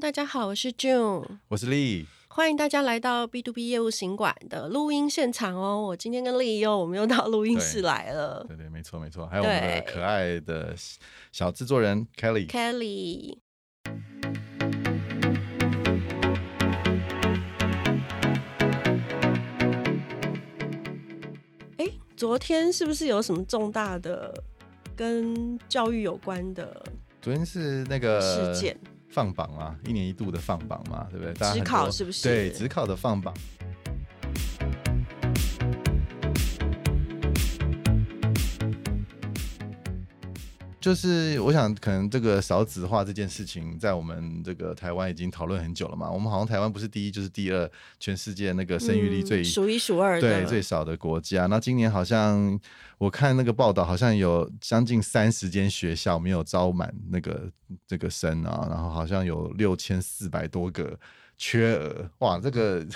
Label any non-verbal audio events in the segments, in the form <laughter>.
大家好，我是 June，我是 Lee，歡迎大家來到 B to B 業務行館的錄音現場哦。我今天跟 Lee 又，我們又到錄音室來了。對，對對，沒錯沒錯，還有我們的可愛的小製作人 Kelly。Kelly，哎利，昨天是不是有什麼重大的跟教育有關的？昨天是那個事件。放榜啊，一年一度的放榜嘛，嗯、對不對？大家指考是不是？對，指考的放榜。就是我想，可能這個少子化這件事情，在我們這個台灣已經討論很久了嘛。我們好像台灣不是第一，就是第二，全世界那個生育率最、嗯、數一數二的，對，最少的國家。那今年好像我看那個報道好像有將近三十間學校沒有招滿那個這個生啊，然後好像有六千四百多個缺額。哇，這個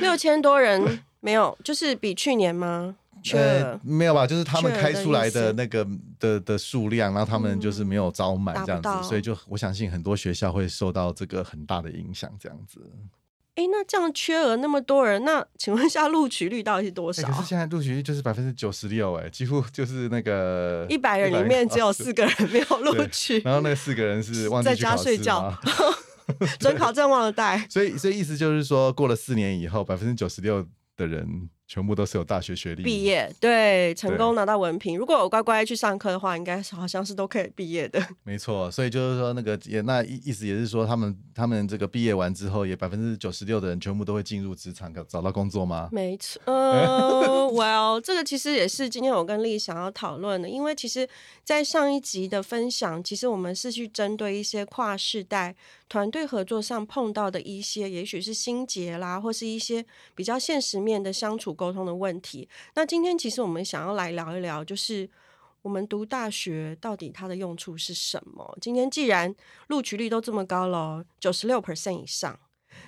六千多人 <laughs> 沒有，就是比去年嗎？呃，沒有吧，就是他們開出來的那個的的數量，然後他們就是沒有招滿這樣子，嗯、所以就我相信很多學校會受到這個很大的影響這樣子。哎、欸，那這樣缺額那麼多人，那請問一下錄取率到底是多少？欸、可是現在錄取率就是百分之九十六，哎、欸，幾乎就是那個一百人裡面只有四個人沒有錄取，哦。然後那四個人是忘記在家睡覺，准 <laughs> 考證忘了帶。所以，所以意思就是說，過了四年以後，百分之九十六的人。全部都是有大學學歷畢業，對，成功拿到文憑。對如果我乖乖去上課的話，應該好像是都可以畢業的。沒錯，所以就是說那個也那意意思也是說，他們他們這個畢業完之後也96，也百分之九十六的人全部都會進入職場，找到工作嗎？沒錯，呃，哇哦，這個其實也是今天我跟麗麗想要討論的，因為其實，在上一集的分享，其實我們是去針對一些跨世代團隊合作上碰到的一些，也許是心結啦，或是一些比較現實面的相處。溝通的問題。那今天其實我們想要來聊一聊，就是我們讀大學到底它的用處是什麼？今天既然錄取率都這麼高了，九十六 percent 以上，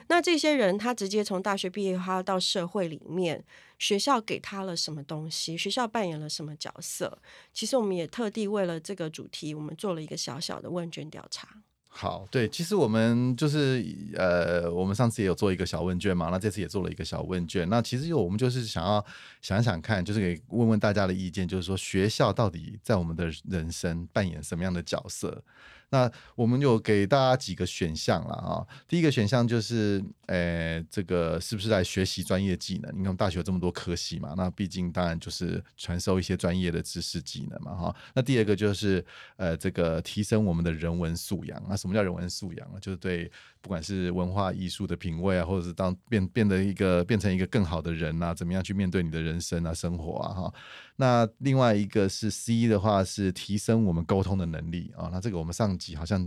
那這些人他直接從大學畢業，他到社會裡面，學校給他了什麼東西？學校扮演了什麼角色？其實我們也特地為了這個主題，我們做了一個小小的問卷調查。好，對，其實我們就是呃，我們上次也有做一個小問卷嘛，那這次也做了一個小問卷。那其實就我們就是想要想想看，就是給問問大家的意見，就是說學校到底在我們的人生扮演什麼樣的角色？那我們有給大家幾個選項了啊，第一個選項就是，呃、欸，這個是不是來學習專業技能？你看我們大學有這麼多科系嘛，那畢竟當然就是傳授一些專業的知識技能嘛哈。那第二個就是，呃，這個提升我們的人文素養。那什麼叫人文素養啊？就是對不管是文化藝術的品味啊，或者是當變變得一個變成一個更好的人啊，怎麼樣去面對你的人生啊、生活啊哈。那另外一個是 C 的話，是提升我們溝通的能力啊，哦。那這個我們上集好像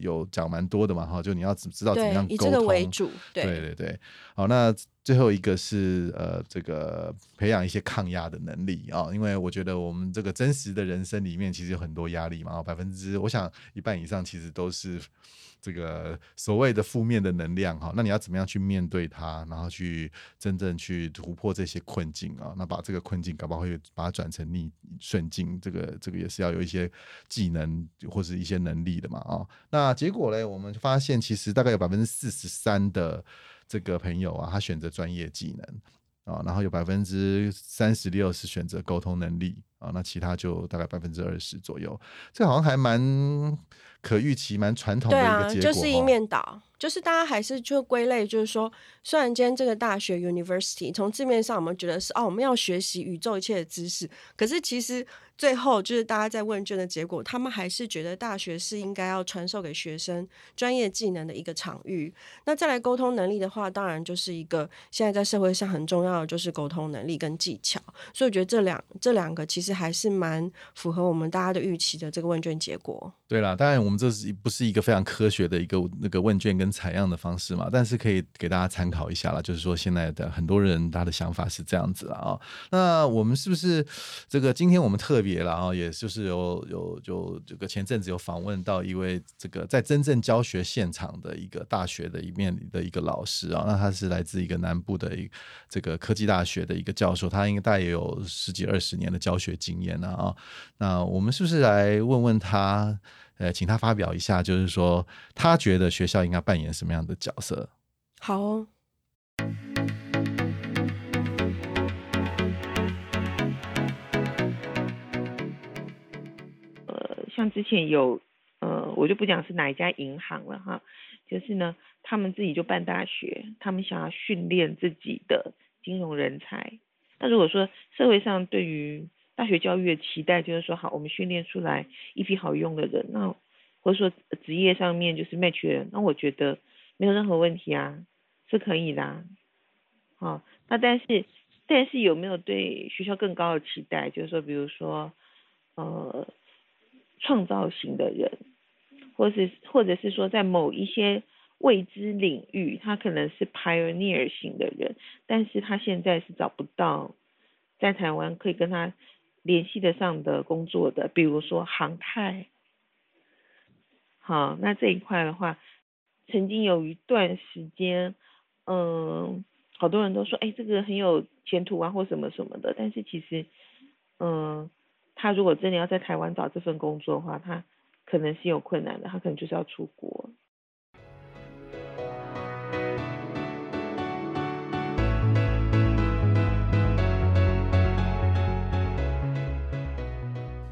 有講蠻多的嘛，哈，就你要知知道怎麼樣溝通。以這個為主。對，對對對，好，那。最後一個是呃，這個培養一些抗壓的能力啊、哦，因為我覺得我們這個真實的人生裡面其實有很多壓力嘛，百分之我想一半以上其實都是這個所謂的負面的能量哈、哦。那你要怎麼樣去面對它，然後去真正去突破這些困境啊、哦？那把這個困境搞不好會把它轉成逆順境，這個這個也是要有一些技能或是一些能力的嘛啊、哦。那結果嘞，我們發現其實大概有百分之四十三的。這個朋友啊，他選擇專業技能啊，然後有百分之三十六是選擇溝通能力。啊、哦，那其他就大概百分之二十左右，這好像還蠻可預期、蠻傳統的一個結果。對啊、就是一面倒，哦、就是大家還是就歸類，就是說，雖然今天這個大學 （University） 從字面上，我們覺得是哦，我們要學習宇宙一切的知識，可是其實最後就是大家在問卷的結果，他們還是覺得大學是應該要傳授給學生專業技能的一個場域。那再來溝通能力的話，當然就是一個現在在社會上很重要的，就是溝通能力跟技巧。所以我覺得這兩這兩個其實。還是蠻符合我們大家的預期的這個問卷結果。對了，當然我們這是不是一個非常科學的一個那個問卷跟採樣的方式嘛？但是可以給大家參考一下啦，就是說現在的很多人他的想法是這樣子啊、哦。那我們是不是這個今天我們特別了啊？也就是有有有這個前陣子有訪問到一位這個在真正教學現場的一個大學的一面的一個老師啊、哦，那他是來自一個南部的一個這個科技大學的一個教授，他應該大概也有十幾二十年的教學經驗了啊、哦。那我們是不是來問問他？呃，請他發表一下，就是說他覺得學校應該扮演什麼樣的角色？好哦。呃，像之前有，呃，我就不講是哪一家銀行了哈，就是呢，他們自己就辦大學，他們想要訓練自己的金融人才。那如果說社會上對於大學教育的期待就是說，好，我們訓練出來一批好用的人，那或者說職業上面就是 match 的人，那我覺得沒有任何問題啊，是可以的啊，好，那但是但是有沒有對學校更高的期待？就是說，比如說，呃，創造型的人，或是或者是說在某一些未知領域，他可能是 pioneer 型的人，但是他現在是找不到在台灣可以跟他聯繫得上的工作的，比如說航太。好，那這一塊的話，曾經有一段時間，嗯，好多人都說，哎、欸，這個很有前途啊，或什麼什麼的，但是其實，嗯，他如果真的要在台灣找這份工作的話，他可能是有困難的，他可能就是要出國。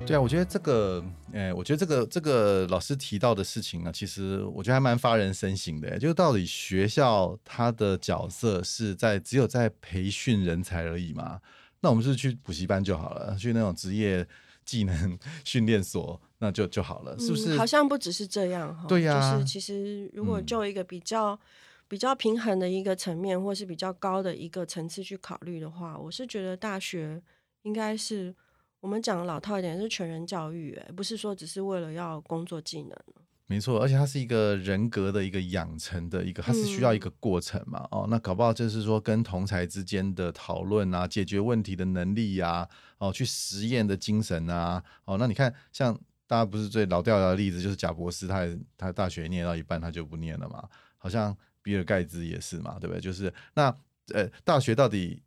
對啊，我覺得這個，哎、欸，我覺得這個這個老師提到的事情呢，其實我覺得還蠻發人深省的。就到底學校它的角色是在只有在培訓人才而已嗎？那我們是不是去補習班就好了，去那種職業技能訓練所那就就好了，是不是？嗯、好像不只是這樣哈、哦。對呀、啊，就是其實如果就一個比較比較平衡的一個層面，嗯、或是比較高的一個層次去考慮的話，我是覺得大學應該是。我們講的老套一點是全人教育、欸，哎，不是說只是為了要工作技能。沒錯，而且它是一個人格的一個養成的一個，嗯、它是需要一個過程嘛。哦，那搞不好就是說跟同儕之間的討論啊，解決問題的能力呀、啊，哦，去實驗的精神啊，哦，那你看，像大家不是最老掉牙的例子，就是賈伯斯他，他他大學念到一半他就不念了嘛，好像比爾蓋茨也是嘛，對不對？就是那呃，大學到底？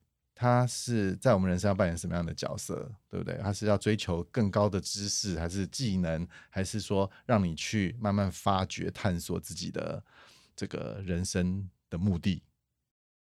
他是在我們人生要扮演什麼樣的角色，對不對？他是要追求更高的知識，還是技能，還是說讓你去慢慢發掘、探索自己的這個人生的目的？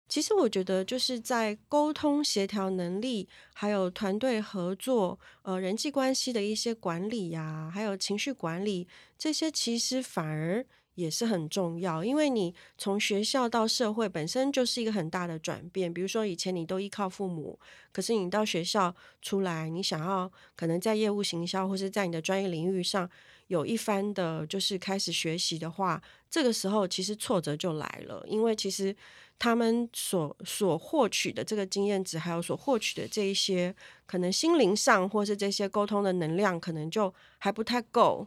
其實我覺得，就是在溝通協調能力，還有團隊合作，呃，人際關係的一些管理呀、啊，還有情緒管理這些，其實反而。也是很重要，因為你從學校到社會本身就是一個很大的轉變。比如說，以前你都依靠父母，可是你到學校出來，你想要可能在業務行銷或是在你的專業領域上有一番的，就是開始學習的話，這個時候其實挫折就來了，因為其實他們所所獲取的這個經驗值，還有所獲取的這一些可能心靈上或是這些溝通的能量，可能就還不太夠。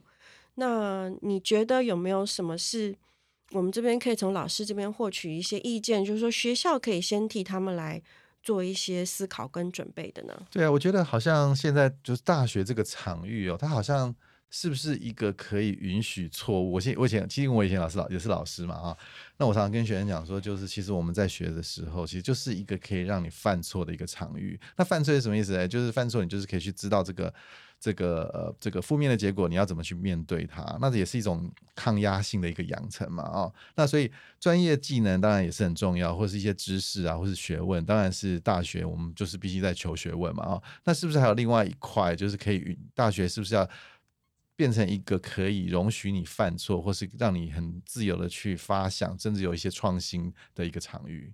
那你覺得有沒有什麼是我們這邊可以從老師這邊獲取一些意見？就是說學校可以先替他們來做一些思考跟準備的呢？對啊，我覺得好像現在就是大學這個場域哦，它好像是不是一個可以允許錯誤？我先我以前，其實我以前老師老，也是老師嘛，啊。那我常常跟學生講說，就是其實我們在學的時候，其實就是一個可以讓你犯錯的一個場域。那犯錯是什麼意思呢？哎，就是犯錯，你就是可以去知道這個。這個呃，這個負面的結果你要怎麼去面對它？那這也是一種抗壓性的一個養成嘛，哦，那所以專業技能當然也是很重要，或者是一些知識啊，或是學問，當然是大學，我們就是必須在求學問嘛，哦，那是不是還有另外一塊，就是可以與大學是不是要變成一個可以容許你犯錯，或是讓你很自由的去發想，甚至有一些創新的一個場域？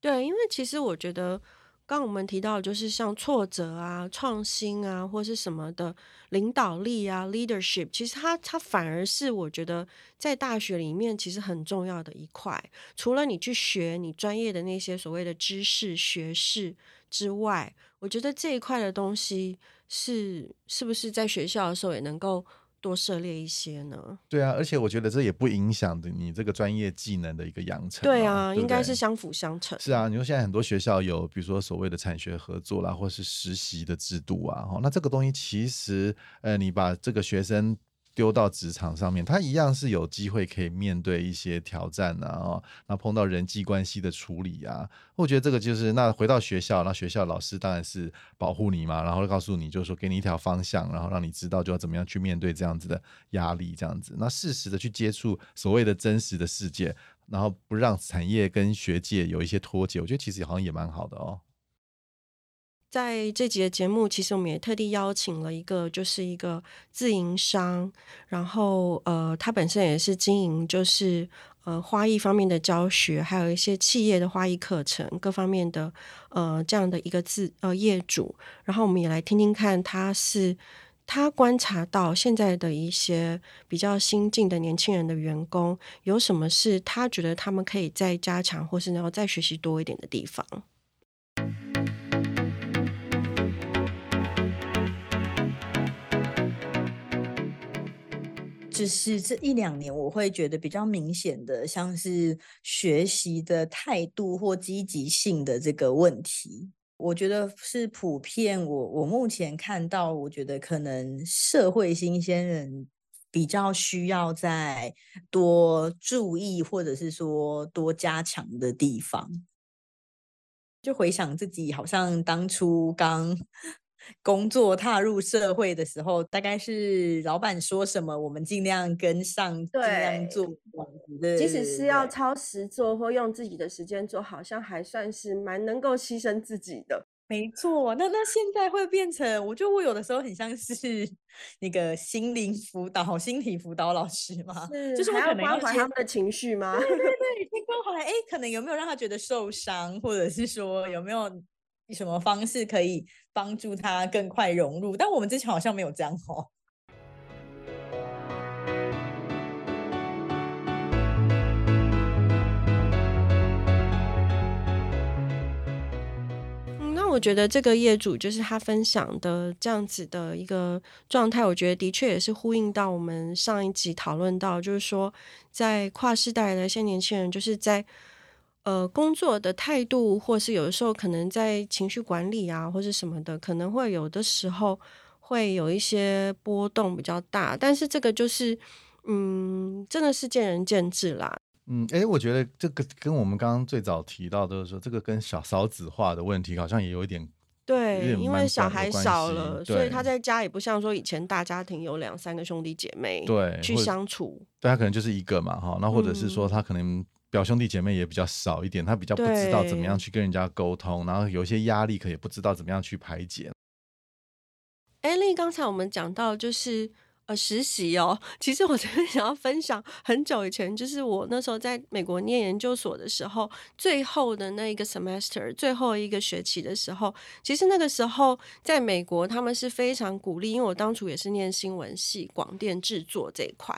對，因為其實我覺得。剛剛我們提到，就是像挫折啊、創新啊，或是什麼的領導力啊 （leadership），其實它它反而是我覺得在大學裡面其實很重要的一塊。除了你去學你專業的那些所謂的知識、學識之外，我覺得這一塊的東西是是不是在學校的時候也能夠。多涉獵一些呢？對啊，而且我覺得這也不影響的你這個專業技能的一個養成，哦。對啊，對不對？應該是相輔相成。是啊，你說現在很多學校有，比如說所謂的產學合作啦，或是實習的制度啊，哦，那這個東西其實，呃，你把這個學生。丟到職場上面，他一樣是有機會可以面對一些挑戰啊，哦，然後那碰到人際關係的處理啊，我覺得這個就是那回到學校，那學校老師當然是保護你嘛，然後告訴你就是說給你一條方向，然後讓你知道就要怎麼樣去面對這樣子的壓力，這樣子，那適時的去接觸所謂的真實的世界，然後不讓產業跟學界有一些脫節，我覺得其實好像也蠻好的哦。在這集的節目，其實我們也特地邀請了一個，就是一個自營商，然後呃，他本身也是經營，就是呃，花藝方面的教學，還有一些企業的花藝課程各方面的呃這樣的一個自呃業主，然後我們也來聽聽看，他是他觀察到現在的一些比較新進的年輕人的員工，有什麼是他覺得他們可以再加強，或是能夠再學習多一點的地方。就是這一兩年，我會覺得比較明顯的，像是學習的態度或積極性的這個問題，我覺得是普遍我。我我目前看到，我覺得可能社會新鮮人比較需要再多注意，或者是說多加強的地方。就回想自己，好像當初剛。工作踏入社會的時候，大概是老闆說什麼，我們盡量跟上，對盡量做。即使是要超時做，或用自己的時間做，好像還算是蠻能夠犧牲自己的。沒錯，那那現在會變成，我覺得我有的時候很像是那個心靈輔導、心理輔導老師嘛，是就是我要關懷他們的情緒嗎？對對對，先關懷，哎，可能有沒有讓他覺得受傷，或者是說有沒有？以什麼方式可以幫助他更快融入？但我們之前好像沒有這樣哦。嗯。那我覺得這個業主就是他分享的這樣子的一個狀態，我覺得的確也是呼應到我們上一集討論到，就是說在跨世代的一些年輕人，就是在。呃，工作的態度，或是有的時候可能在情緒管理啊，或者什麼的，可能會有的時候會有一些波動比較大。但是這個就是，嗯，真的是見仁見智啦。嗯，哎、欸，我覺得這個跟我們剛剛最早提到的就是說，這個跟小少子化的問題好像也有一點。對，因為小孩少了，對所以他在家也不像說以前大家庭有兩三個兄弟姐妹對去相處，對，對他可能就是一個嘛哈，那或者是說他可能、嗯。表兄弟姐妹也比較少一點，他比較不知道怎麼樣去跟人家溝通，對然後有一些壓力，可也不知道怎麼樣去排解。哎、欸，另外艾莉剛才我們講到就是。呃，實習哦，其實我特別想要分享很久以前，就是我那時候在美國念研究所的時候，最後的那一個 semester，最後一個學期的時候，其實那個時候在美國，他們是非常鼓勵，因為我當初也是念新聞系，廣電製作這一塊，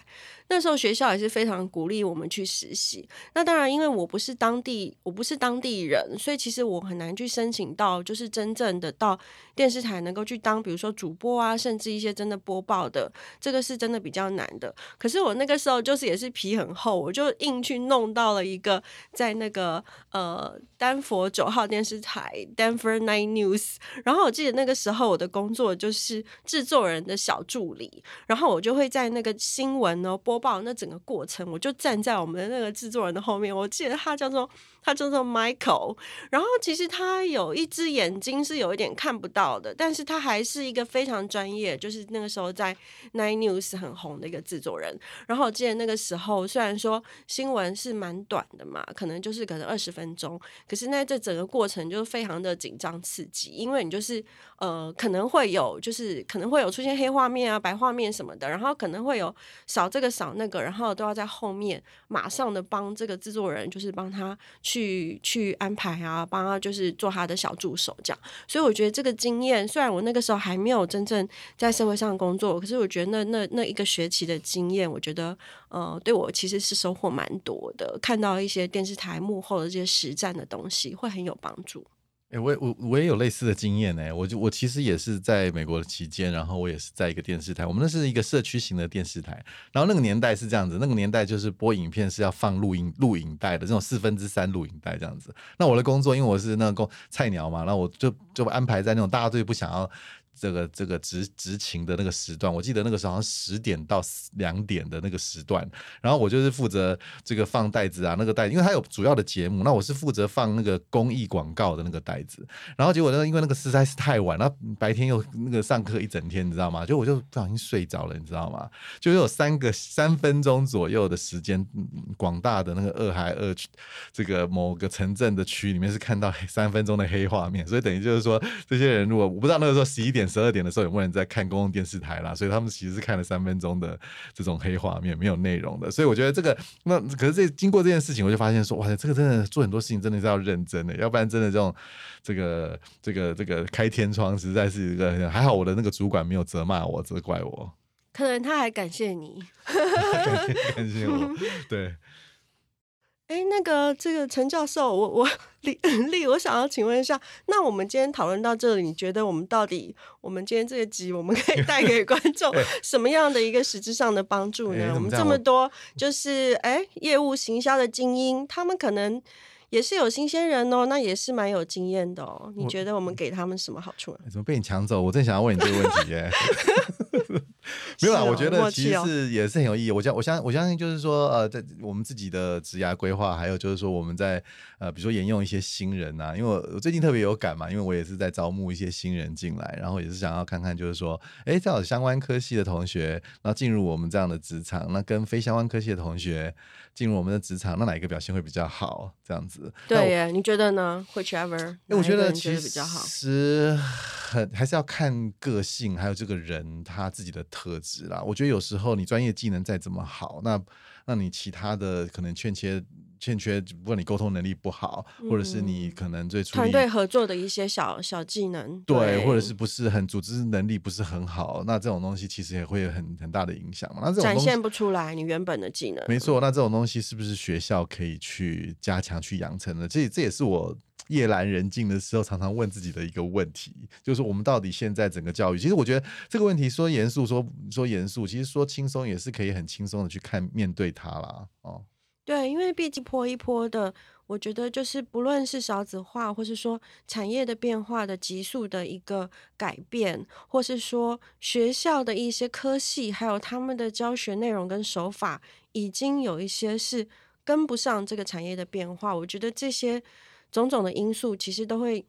那時候學校也是非常鼓勵我們去實習。那當然，因為我不是當地，我不是當地人，所以其實我很難去申請到，就是真正的到電視台能夠去當，比如說主播啊，甚至一些真的播報的。這個是真的比較難的，可是我那個時候就是也是皮很厚，我就硬去弄到了一個在那個呃。丹佛九號電視台 Denver Nine News），然後我記得那個時候我的工作就是製作人的小助理，然後我就會在那個新聞哦播報那整個過程，我就站在我們的那個製作人的後面。我記得他叫做他叫做 Michael，然後其實他有一隻眼睛是有一點看不到的，但是他還是一個非常專業，就是那個時候在 Nine News 很紅的一個製作人。然後我記得那個時候雖然說新聞是蠻短的嘛，可能就是可能二十分鐘。可是那這整個過程就是非常的緊張刺激，因為你就是呃可能會有就是可能會有出現黑畫面啊、白畫面什麼的，然後可能會有掃這個掃那個，然後都要在後面馬上的幫這個制作人，就是幫他去去安排啊，幫他就是做他的小助手這樣。所以我覺得這個經驗，雖然我那個時候還沒有真正在社會上工作，可是我覺得那那那一個學期的經驗，我覺得。呃，對我其實是收穫蠻多的，看到一些電視台幕後的這些實戰的東西，會很有幫助。哎、欸，我我我也有類似的經驗呢、欸。我就我其實也是在美國的期間，然後我也是在一個電視台，我們那是一個社區型的電視台，然後那個年代是這樣子，那個年代就是播影片是要放錄音錄影帶的，那種四分之三錄影帶這樣子。那我的工作，因為我是那個菜鳥嘛，那我就就安排在那種大家最不想要。這個這個執執勤的那個時段，我記得那個時候好像十點到兩點的那個時段，然後我就是負責這個放帶子啊，那個帶，因為他有主要的節目，那我是負責放那個公益廣告的那個帶子，然後結果呢，因為那個實在是太晚了，白天又那個上課一整天，你知道嗎？就我就不小心睡着了，你知道嗎？就有三個三分鐘左右的時間，嗯、廣大的那個二孩二區這個某個城鎮的區裡面是看到三分鐘的黑畫面，所以等於就是說，這些人如果我不知道那個時候十一點。十二點的時候有沒有人在看公共電視台啦？所以他們其實是看了三分鐘的這種黑畫面，沒有內容的。所以我覺得這個那可是這經過這件事情，我就發現說哇，這個真的做很多事情真的是要認真的，要不然真的這種這個這個這個開天窗實在是一個，還好我的那個主管沒有責罵我、責怪我，可能他還感謝你， <laughs> 感謝我，嗯、對。哎，那個，這個陳教授，我我李麗，我想要請問一下，那我們今天討論到這裡，你覺得我們到底，我們今天這個集，我們可以帶給觀眾什麼樣的一個實質上的幫助呢？誒我們這麼多，就是哎，業務行銷的精英，他們可能也是有新鮮人哦，那也是蠻有經驗的哦。你覺得我們給他們什麼好處啊？怎麼被你搶走？我正想要問你這個問題耶。 <laughs> 沒有啊，哦、我覺得其實是、哦、也是很有意義。我相我相我相信就是說，呃，在我們自己的職涯規劃，還有就是說我們在呃，比如說沿用一些新人吶、啊，因為我最近特別有感嘛，因為我也是在招募一些新人進來，然後也是想要看看就是說，哎，的相關科系的同學，然後進入我們這樣的職場，那跟非相關科系的同學進入我們的職場，那哪一個表現會比較好？這樣子。對耶，我你覺得呢？Whichever。因為我覺得其實，其實很還是要看個性，還有這個人他自己的。特質啦，我覺得有時候你專業技能再怎麼好，那那你其他的可能欠缺欠缺，不管你溝通能力不好，嗯、或者是你可能最初團隊合作的一些小小技能，對，對或者是不是很組織能力不是很好，那這種東西其實也會有很很大的影響嘛。那這種展現不出來你原本的技能，沒錯。那這種東西是不是學校可以去加強去養成的？這這也是我。夜闌人靜的時候，常常問自己的一個問題，就是我們到底現在整個教育，其實我覺得這個問題說嚴肅，說說嚴肅，其實說輕鬆也是可以很輕鬆的去看面對它啦。哦，對，因為畢竟波一波的，我覺得就是不論是少子化，或是說產業的變化的急速的一個改變，或是說學校的一些科系，還有他們的教學內容跟手法，已經有一些是跟不上這個產業的變化。我覺得這些。種種的因素其實都會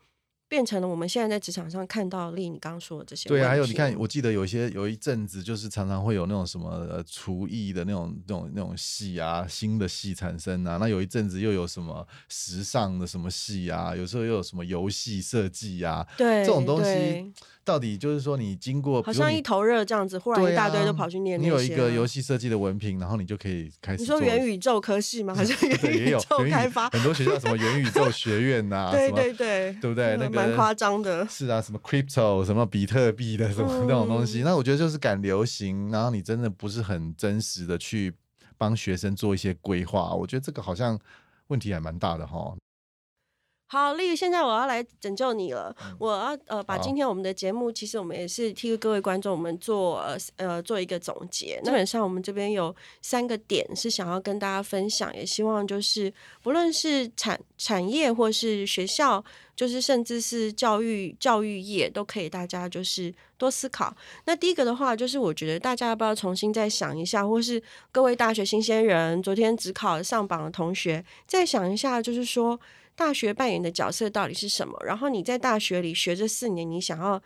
變成了我們現在在職場上看到，例如你剛剛說的這些。對啊，還有你看，我記得有一些有一陣子就是常常會有那種什麼廚藝的那種、那種、那種戲啊，新的戲產生啊。那有一陣子又有什麼時尚的什麼戲啊？有時候又有什麼遊戲設計啊，對，這種東西。到底就是說，你經過你好像一頭熱這樣子，忽然一大堆就跑去念那些。你有一個遊戲設計的文憑，然後你就可以開始。你說元宇宙科系嗎？好像也有開發？很多學校什麼元宇宙學院吶，對對對,對，對不對？嗯、那個蠻誇張的。是啊，什麼 crypto，什麼比特幣的，什麼那種東西。嗯、那我覺得就是趕流行，然後你真的不是很真實的去幫學生做一些規劃。我覺得這個好像問題還蠻大的哈。好麗，現在我要來拯救你了。我要呃把今天我們的節目，其實我們也是替各位觀眾我們做呃做一個總結。基本上我們這邊有三個點是想要跟大家分享，也希望就是不論是產產業或是學校，就是甚至是教育教育業，都可以大家就是多思考。那第一個的話，就是我覺得大家要不要重新再想一下，或是各位大學新鮮人，昨天指考了上榜的同學，再想一下，就是說。大學扮演的角色到底是什麼？然後你在大學裡學這四年，你想要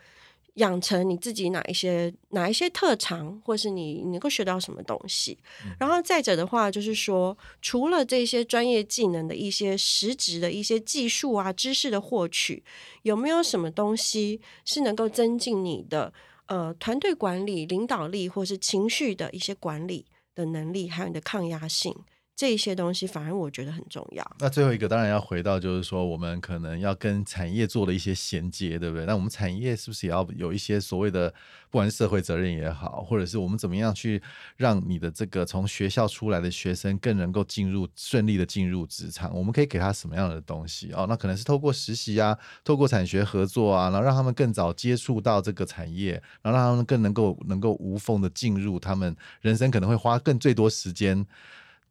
養成你自己哪一些哪一些特長，或是你能夠學到什麼東西？嗯、然後再者的話，就是說，除了這些專業技能的一些實質的一些技術啊、知識的獲取，有沒有什麼東西是能夠增進你的呃團隊管理、領導力，或是情緒的一些管理的能力，還有你的抗壓性？這一些東西，反而我覺得很重要。那最後一個，當然要回到，就是說，我們可能要跟產業做了一些銜接，對不對？那我們產業是不是也要有一些所謂的，不管是社會責任也好，或者是我們怎麼樣去讓你的這個從學校出來的學生更能夠進入順利的進入職場？我們可以給他什麼樣的東西？哦，那可能是透過實習啊，透過產學合作啊，然後讓他們更早接觸到這個產業，然後讓他們更能夠能夠無縫的進入他們人生，可能會花更最多時間。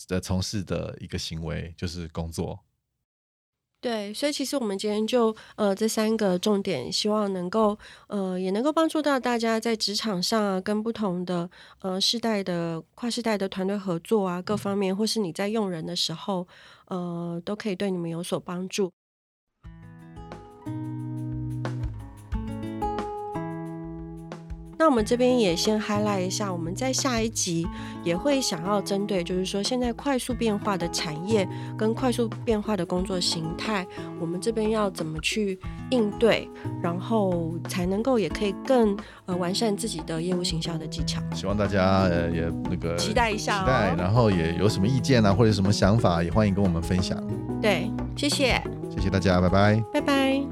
的從事的一個行為就是工作，對，所以其實我們今天就呃這三個重點，希望能夠呃也能夠幫助到大家在職場上啊，跟不同的呃世代的跨世代的團隊合作啊，各方面、嗯、或是你在用人的時候，呃，都可以對你們有所幫助。那我們這邊也先 highlight 一下，我們在下一集也會想要針對，就是說現在快速變化的產業跟快速變化的工作形態，我們這邊要怎麼去應對，然後才能夠也可以更呃完善自己的業務形象的技巧。希望大家呃也那個期待一下哦，期待，然後也有什麼意見啊或者什麼想法，也歡迎跟我們分享。對，謝謝，謝謝大家，拜拜，拜拜。